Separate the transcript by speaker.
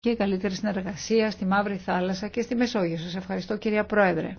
Speaker 1: και καλύτερη συνεργασία στη Μαύρη Θάλασσα και στη Μεσόγειο. Σας ευχαριστώ κυρία Πρόεδρε.